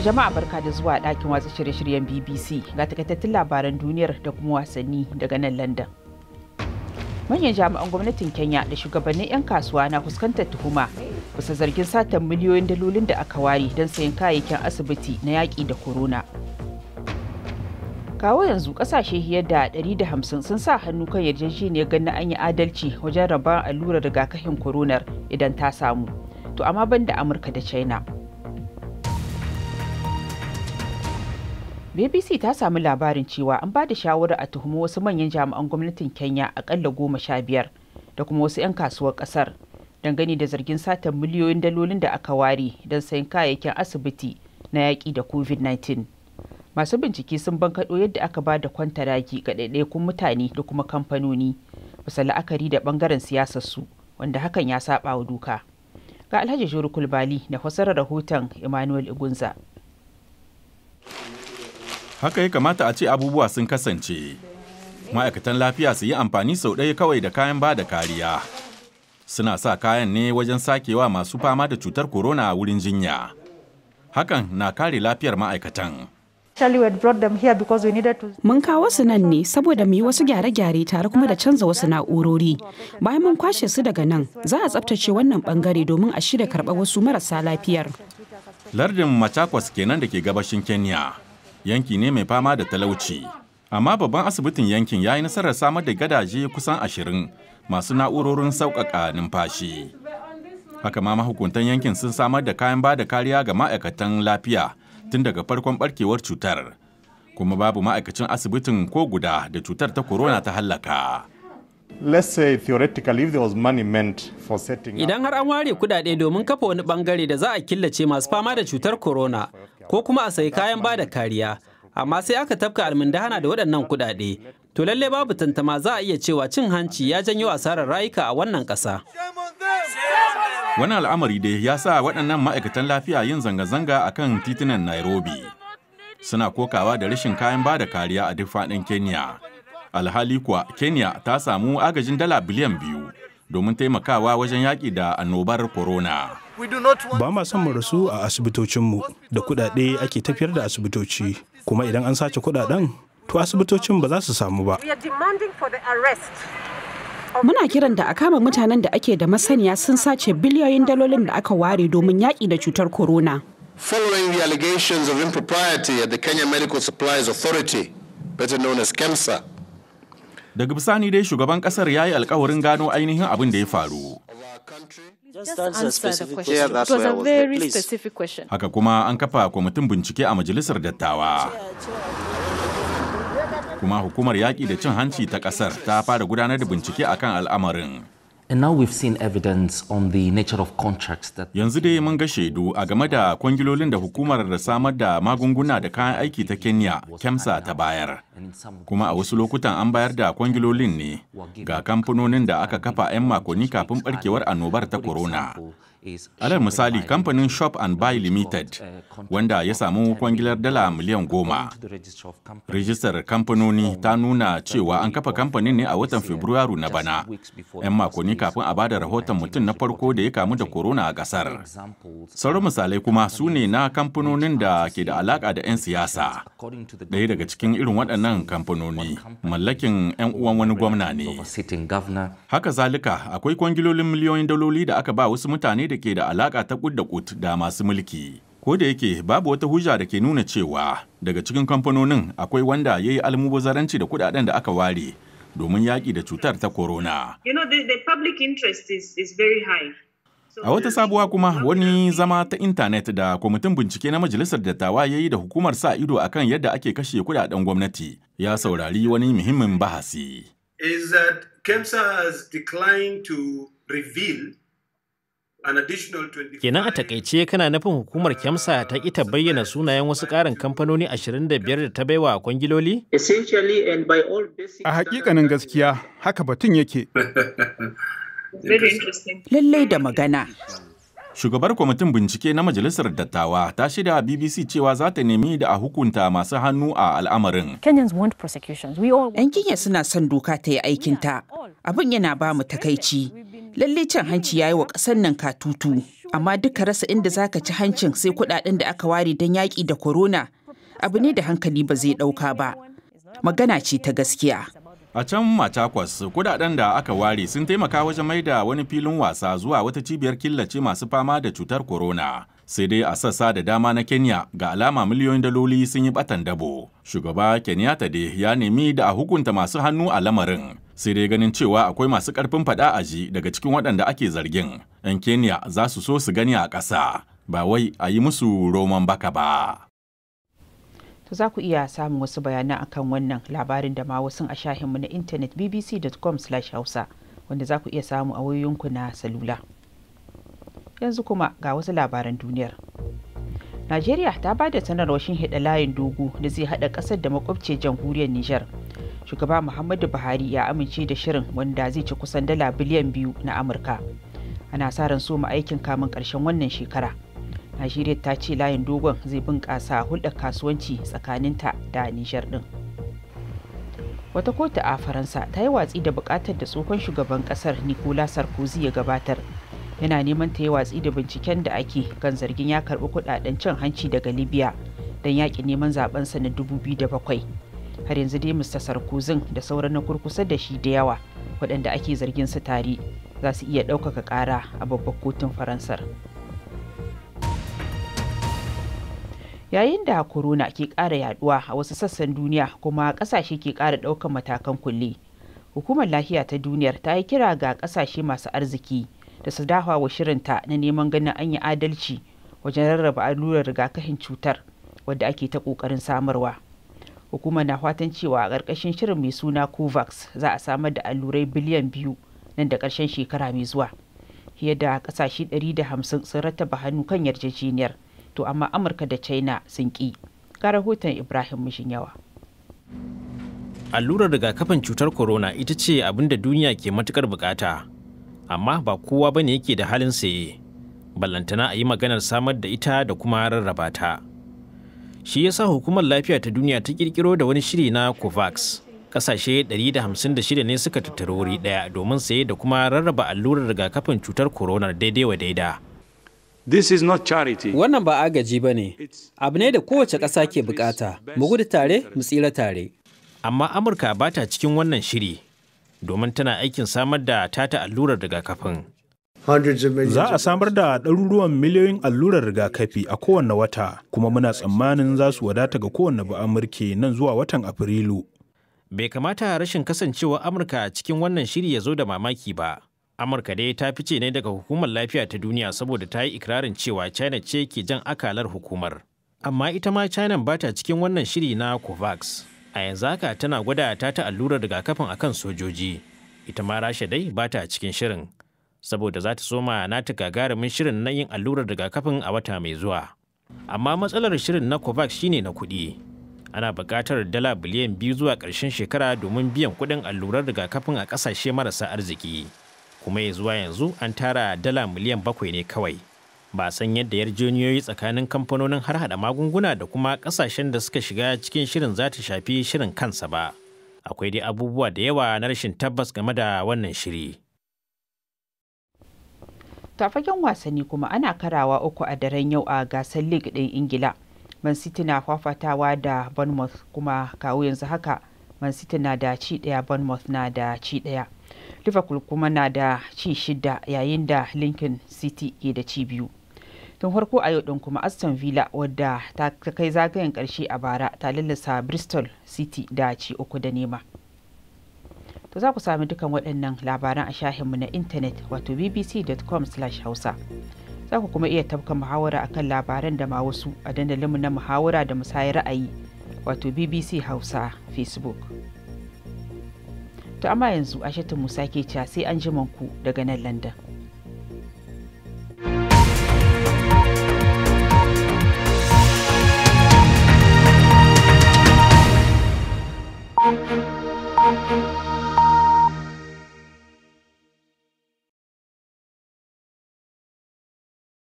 jama'a barka da zuwa ɗakin watsa shirye-shiryen bbc ga takaitattun labaran duniyar da kuma wasanni daga nan london manyan jami'an gwamnatin kenya da shugabannin 'yan kasuwa na fuskantar tuhuma bisa zargin satan miliyoyin dalolin da aka ware don sayan kayayyakin asibiti na yaƙi da corona kawo yanzu kasashe fiye da 150 sun sa hannu kan yarjejeniyar ganin an yi adalci wajen rabon allurar rigakafin koronar idan ta samu to amma banda amurka da china BBC ta samu labarin cewa an ba da shawara a tuhumi wasu manyan jami'an gwamnatin Kenya akalla goma sha biyar da kuma wasu 'yan kasuwar kasar dangane da zargin satar miliyoyin dalolin da aka ware don sayan kayayyakin asibiti na yaƙi da COVID-19. Masu bincike sun bankaɗo yadda aka ba da daki ga ɗaiɗaikun mutane da kuma kamfanoni bisa la'akari da ɓangaren siyasar su wanda hakan ya saɓa wa doka. Ga Alhaji Jori Kulbali da fasarar rahoton Emmanuel Igunza. haka ya kamata a ce abubuwa sun kasance ma'aikatan lafiya su yi amfani sau ɗaya kawai da kayan ba da kariya suna sa kayan ne wajen sakewa masu fama da cutar corona a wurin jinya hakan na kare lafiyar ma'aikatan Mun kawo su nan ne saboda mu yi wasu gyare-gyare tare kuma da canza wasu na'urori. Bayan mun kwashe su daga nan, za a tsabtace wannan bangare domin a shirya karɓar wasu marasa lafiyar. Lardin Machakos kenan da ke gabashin Kenya. yanki ne mai fama da talauci amma babban asibitin yankin ya yi nasarar samar da gadaje kusan ashirin masu na'urorin sauƙaƙa numfashi haka ma mahukuntan yankin sun samar da kayan ba da kariya ga ma'aikatan lafiya tun daga farkon barkewar cutar kuma babu ma'aikacin asibitin ko guda da cutar ta korona ta hallaka. Let's say Idan har an ware kudade domin kafa wani bangare da za a killace masu fama da cutar corona, ko kuma a sayi kayan bada kariya amma sai aka tafka almundahana da waɗannan kuɗaɗe to lalle babu tantama za a iya cewa cin hanci ya janyo asarar rayuka a wannan ƙasa. Wani al'amari dai ya sa waɗannan ma'aikatan lafiya yin zanga-zanga a kan titunan Nairobi. Suna kokawa da rashin kayan bada kariya a duk faɗin Kenya. Alhali kuwa Kenya ta samu agajin dala biliyan biyu domin taimakawa wajen yaƙi da annobar corona. ba ma son mu rasu a asibitocinmu da kudade ake tafiyar da asibitoci kuma idan an sace kudaden to asibitocin ba za su samu ba muna kiran da a kama mutanen da ake da masaniya sun sace biliyoyin dalolin da aka ware domin yaƙi da cutar corona following the allegations of impropriety at the kenya medical supplies authority better known as kemsa daga bisani dai shugaban kasar ya yi alkawarin gano ainihin abin da ya faru Just answer Haka kuma an kafa kwamitin bincike a majalisar dattawa. Kuma hukumar yaƙi da cin hanci ta ƙasar ta fara gudanar da bincike a kan al'amarin. And now we've seen on the nature of Yanzu dai mun ga shaidu a game da kwangilolin da hukumar da samar da magunguna da kayan aiki ta Kenya, KEMSA ta bayar. Kuma a wasu lokutan an bayar da kwangilolin ne ga kamfanonin da aka kafa 'yan makonni kafin barkewar annobar ta corona. Alal misali kamfanin Shop and Buy Limited wanda ya samu kwangilar dala miliyan goma. Rijistar kamfanoni ta nuna cewa an kafa kamfanin ne a watan Fabrairu na bana. 'Yan makonni kafin a bada rahoton mutum na farko da ya kamu da korona a kasar. Sauran misalai kuma su ne na kamfanonin da ke da alaka da 'yan siyasa. daya daga cikin irin waɗannan waɗannan kamfanoni mallakin 'yan uwan wani gwamna ne. Haka zalika akwai kwangilolin miliyoyin daloli da aka ba wasu mutane da ke da alaƙa ta kut da kut da masu mulki. Ko da yake babu wata hujja da ke nuna cewa daga cikin kamfanonin akwai wanda ya yi almubazaranci da kuɗaɗen da aka ware domin yaƙi da cutar ta corona. A wata sabuwa kuma wani zama ta intanet da kwamitin bincike na Majalisar Dattawa ya yi da hukumar sa ido a kan yadda ake kashe kudaden gwamnati ya saurari wani muhimmin bahasi. Is that KEMSA has declined to reveal Kenan a takaice kana nufin hukumar Kemsa ta ƙi ta bayyana sunayen wasu ƙarin kamfanoni 25 da ta baiwa kwangiloli? A hakikanin gaskiya haka batun yake. Lallai da magana. Shugabar kwamitin bincike na Majalisar Dattawa ta shirya BBC cewa za ta nemi da a hukunta masu hannu a al'amarin. ‘Yan kinya suna son doka ta yi aikinta, abin yana ba mu takaici. lallai cin hanci ya yi wa ƙasar nan katutu, amma duka rasa inda za ka ci hancin sai kuɗaɗen da aka ware don yaƙi da korona abu ne da hankali ba zai ɗauka ba. Magana ce ta gaskiya. A can Machakos, kudaden da aka ware sun taimaka wajen maida wani filin wasa zuwa wata cibiyar killace masu fama da cutar corona. Sai dai a sassa da dama na Kenya ga alama miliyoyin daloli sun yi batan dabo. Shugaba Kenyatta dai ya nemi da a hukunta masu hannu a lamarin. Sai dai ganin cewa akwai masu karfin fada ji daga cikin waɗanda ake zargin. 'Yan Kenya za su so su gani a ƙasa, ba wai a yi musu roman baka ba. to za ku iya samun wasu bayanan akan wannan labarin da ma wasu a shahinmu na intanet bbc.com hausa wanda za ku iya samu a wayoyinku na salula yanzu kuma ga wasu labaran duniyar najeriya ta ba da sanarwar hida layin dogo da zai hada kasar da makwabce jamhuriyar nijar shugaba muhammadu buhari ya amince da shirin wanda zai ci kusan dala biliyan biyu na amurka ana sa ran so ma aikin kamun karshen wannan shekara najeriya ta ce layin dogon zai bunƙasa hulɗar kasuwanci tsakaninta da nijar ɗin wata kotu a faransa ta yi watsi da buƙatar da tsohon shugaban ƙasar nicolas sarkozy ya gabatar yana neman ta yi watsi da binciken da ake kan zargin ya karɓi kuɗaɗen cin hanci daga libya don yaƙi neman zaben sa na 2007 har yanzu dai mr Sarkozy da sauran na kurkusa da shi da yawa waɗanda ake zargin su tare za su iya ɗaukaka ƙara a babbar kotun faransar. yayin da corona ke kara yaduwa a wasu sassan duniya kuma kasashe ke kara daukan matakan kulle hukumar lafiya ta duniyar ta yi kira ga kasashe masu arziki da su dawa wa ta na neman ganin an yi adalci wajen rarraba allurar rigakafin cutar wadda ake ta kokarin samarwa hukumar na fatan cewa a ƙarƙashin shirin mai suna covax za a samar da allurai biliyan biyu nan da ƙarshen shekara mai zuwa fiye da ƙasashe 150 sun rattaba hannu kan yarjejeniyar wato amma amurka da china sun ƙi ga rahoton ibrahim mishinyawa allurar rigakafin cutar corona ita ce abin da duniya ke matukar bukata amma ba kowa ba ne yake da halin saye ballantana a yi maganar samar da ita da kuma rarraba ta shi yasa hukumar lafiya ta duniya ta kirkiro da wani shiri na covax kasashe 156 ne suka tattaro wuri daya domin saye da kuma rarraba allurar rigakafin cutar corona daidai wa daida This is not charity. Wannan ba agaji ba ne, abu ne da kowace ƙasa ke bukata, mu gudu tare, mu tsira tare. Amma Amurka ba ta cikin wannan shiri, domin tana aikin samar da tata allurar rigakafin. Za a samar da ɗaruruwan miliyoyin allurar rigakafi a kowane wata, kuma muna tsammanin za su wadata ga kowane ba Amurka nan zuwa watan Afrilu. Bai kamata rashin kasancewa Amurka cikin wannan shiri ya zo da mamaki ba. amurka dai ta fice ne daga hukumar lafiya ta duniya saboda ta yi ikirarin cewa china ce ke jan akalar hukumar amma ita ma china ba ta cikin wannan shiri na covax a yanzu haka tana gwada ta ta allurar rigakafin kan sojoji ita ma rasha dai ba ta cikin shirin saboda za ta soma nata gagarumin shirin na yin allurar rigakafin a wata mai zuwa amma matsalar shirin na covax shine na kuɗi ana buƙatar dala biliyan biyu zuwa ƙarshen shekara domin biyan kuɗin allurar rigakafin a ƙasashe marasa arziki kuma ya zuwa yanzu an tara dala miliyan bakwai ne kawai ba san yadda yarjejeniyoyi tsakanin kamfanonin har hada magunguna da kuma kasashen da suka shiga cikin shirin za ta shafi shirin kansa ba akwai dai abubuwa da yawa na rashin tabbas game da wannan shiri tafaken wasanni kuma ana karawa uku a daren yau a gasar league ɗin ingila man city na fafatawa da bournemouth kuma kawo yanzu haka man city na da ci daya bournemouth na da ci daya. liverpool kuma na da ci shida yayin da lincoln city ke da ci biyu tun farko a yau din kuma aston villa wadda ta kai zagayen karshe a bara ta lallasa bristol city da ci uku da nema to za ku sami dukan waɗannan labaran a shahinmu na intanet wato bbc.com hausa za ku kuma iya tafka muhawara kan labaran da ma wasu a dandalinmu na muhawara da musayar ra'ayi wato bbc hausa facebook to amma yanzu ashatu musa ke cewa sai an ku daga nan london